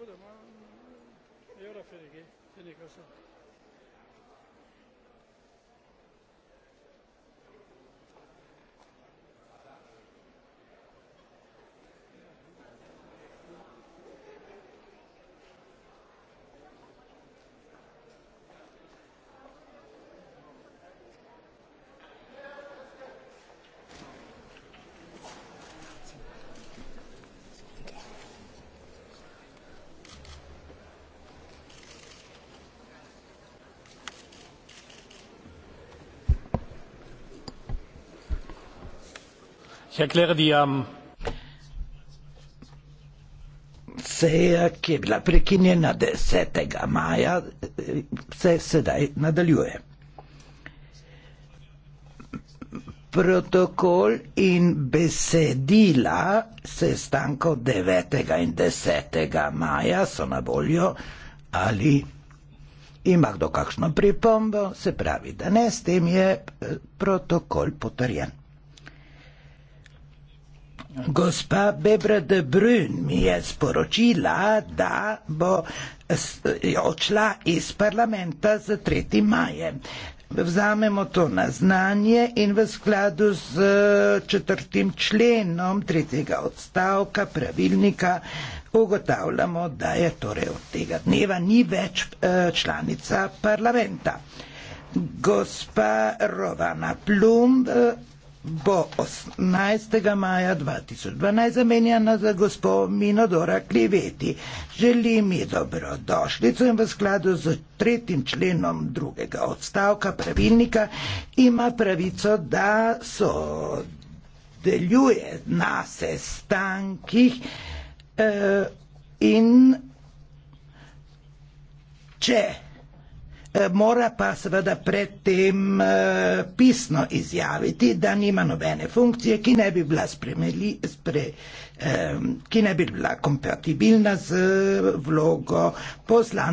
scusa, ma... E ora fai che? Tieni cosa? ich erkläre die am. Ähm, Sejak je bila prekinjena 10. maja, se sedaj nadaljuje. Protokol in besedila sestankov 9. in 10. maja so na voljo, ali ima kdo kakšno pripombo, se pravi, da ne, s tem je eh, protokol potrjen. Gospa Bebra de Brun mi je sporočila, da bo odšla iz parlamenta za 3. majem. Vzamemo to na znanje in v skladu z četrtim členom tretjega odstavka pravilnika ugotavljamo, da je torej od tega dneva ni več eh, članica parlamenta. Gospa Rovana Plum eh, bo 18. maja 2012 zamenjana za gospo Minodora Kliveti. Želim ji dobrodošlico in v skladu z tretjim členom drugega odstavka pravilnika ima pravico, da so deluje na sestankih eh, in če Eh, mora pa seveda predtem eh, pisno izjaviti, da nima nobene funkcije, ki ne bi bila, spremeli, spre, eh, ki ne bi bila kompatibilna z vlogo poslanca.